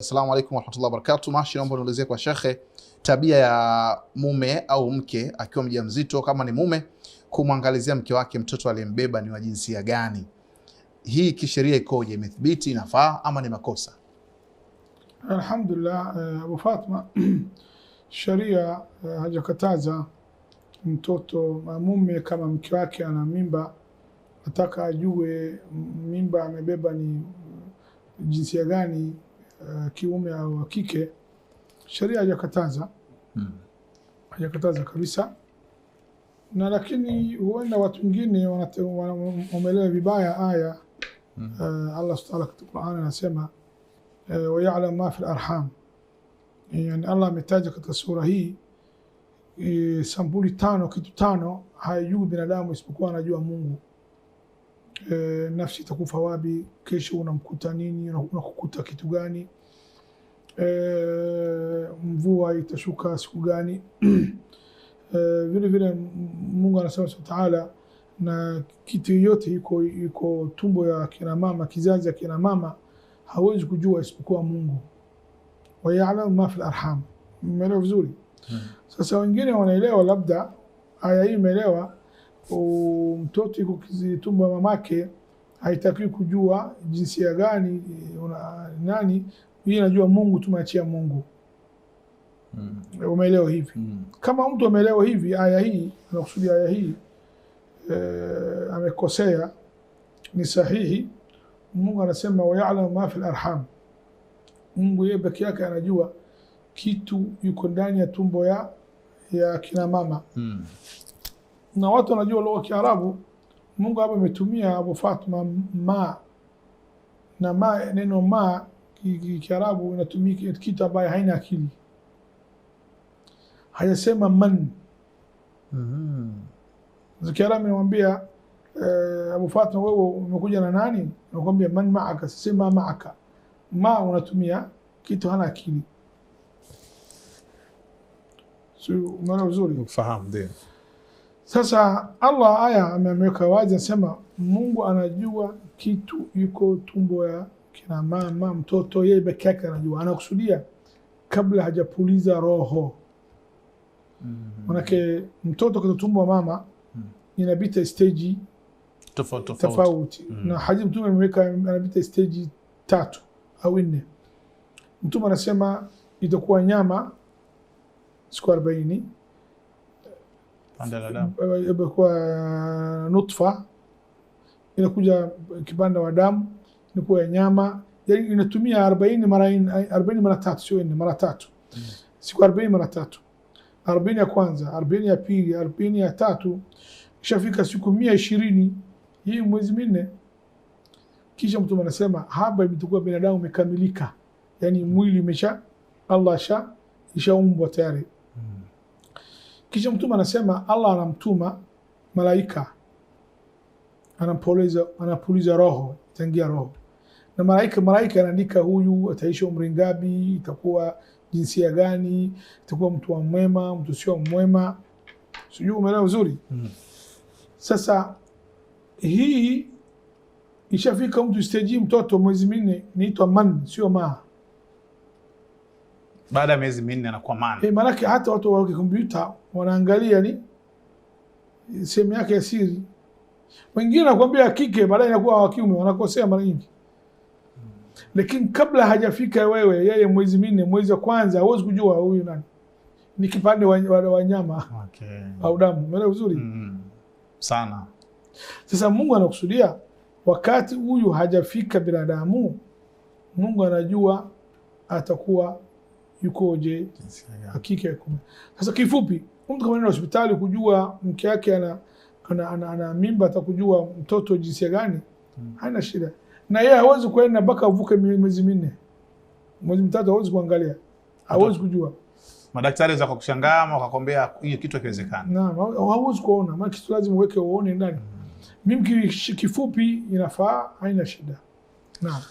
Assalamu alaikum warahmatullahi wabarakatuh. Mashi, naomba nielezee kwa shekhe tabia ya mume au mke akiwa mjamzito, kama ni mume, kumwangalizia mke wake mtoto aliyembeba ni wa jinsia gani. Hii kisheria ikoje? Imethibiti, inafaa ama ni makosa? Alhamdulillah, eh, Abu Fatma, sheria eh, hajakataza mtoto mume, kama mke wake ana mimba, nataka ajue mimba amebeba ni jinsia gani Eh, kiume au kike, sheria hajakataza mm. hajakataza kabisa, na lakini huenda watu wengine wanaomelewa vibaya aya hmm. eh, Allah subhanahu katika Qur'an anasema eh, wa ya'lam ma fil arham, yani Allah ametaja katika sura hii e, sampuli tano, kitu tano hayajui binadamu isipokuwa anajua Mungu e, nafsi itakufa wapi, kesho unamkuta nini, unakukuta kitu gani, e, mvua itashuka siku gani? E, vile vile Mungu anasema subhanahu wa ta'ala, na kitu yote iko iko tumbo ya kina mama, kizazi ya kina mama hawezi kujua isipokuwa Mungu. Wa ya'lamu ma fil arham, umeelewa vizuri? Hmm. Sasa wengine wanaelewa labda aya hii imeelewa mtoto yuko tumbo ya mamake haitakiwi kujua jinsia gani eh, una nani, yeye anajua Mungu, tumeachia Mungu. Mm. Umeelewa hivi? Mm. Kama mtu ameelewa hivi, aya hii anakusudia aya hii e, amekosea, ni sahihi. Mungu anasema wayalamu ma fi larham, Mungu yeye peke yake anajua kitu yuko ndani ya tumbo ya ya kina mama. Mm na watu wanajua lugha Kiarabu. Mungu hapa ametumia Abu Fatma ma na ma, neno ma Kiarabu inatumia kitu ambayo haina akili, hajasema man. Mhm. Kiarabu inamwambia eh, Abu Fatma, wewe umekuja na nani? Nakwambia man maaka, sema maaka. Ma unatumia kitu hana akili, umeona vizuri, fahamu ndio sasa Allah aya ameweka wazi, anasema Mungu anajua kitu yuko tumbo ya kina mama mtoto, yeye peke yake anajua. Anakusudia kabla hajapuliza roho mhm. manake mm -hmm. mtoto kwa tumbo wa mama mm inapita steji tofauti tofauti mm -hmm. na hadithi Mtume ameweka anapita steji tatu au nne. Mtume anasema itakuwa nyama siku arobaini kwa uh, nutfa inakuja kipanda wa damu inakuwa nyama yani inatumia arobaini mara mara tatu, sio nne, mara tatu mm. siku arobaini mara tatu, arobaini ya kwanza, arobaini ya pili, arobaini ya tatu, ishafika siku mia ishirini hii mwezi minne, kisha mtume anasema haba imetukua binadamu imekamilika, yani hmm. mwili umesha Allah sha ishaumbwa tayari. Kisha Mtume anasema Allah anamtuma malaika anapuliza, anapuliza roho tangia roho na malaika malaika anaandika huyu ataishi umri ngapi, itakuwa jinsia gani, itakuwa mtu wa mwema, mtu sio mwema, sijui umeelewa vizuri mm. Sasa hii ishafika mtu steji, mtoto mwezi minne niitwa man, sio maa baada ya miezi minne anakuwa man. Eh, maanake hata watu wa kompyuta wanaangalia ni sehemu yake ya siri. Wengine nakwambia kike, baadaye inakuwa wa kiume, wanakosea mara nyingi hmm. Lakini kabla hajafika wewe, yeye mwezi minne, mwezi wa kwanza hauwezi kujua huyu nani, ni kipande wa nyama okay. au damu. Umeelewa vizuri hmm. sana. Sasa Mungu anakusudia wakati huyu hajafika binadamu, Mungu anajua atakuwa yukoje, hakika yuko. Sasa kifupi, mtu kama nenda hospitali kujua mke yake ana, ana, ana, ana mimba atakujua mtoto jinsia gani hmm. haina shida, na yeye hawezi kuenda mpaka avuke miezi minne mwezi mitatu, hawezi kuangalia, hawezi kujua. Madaktari za kukushangaa wakakwambia hiyo kitu hakiwezekani, naam, hawezi kuona, maana kitu lazima uweke uone ndani. Hmm. Mimi kifupi inafaa, haina shida, naam.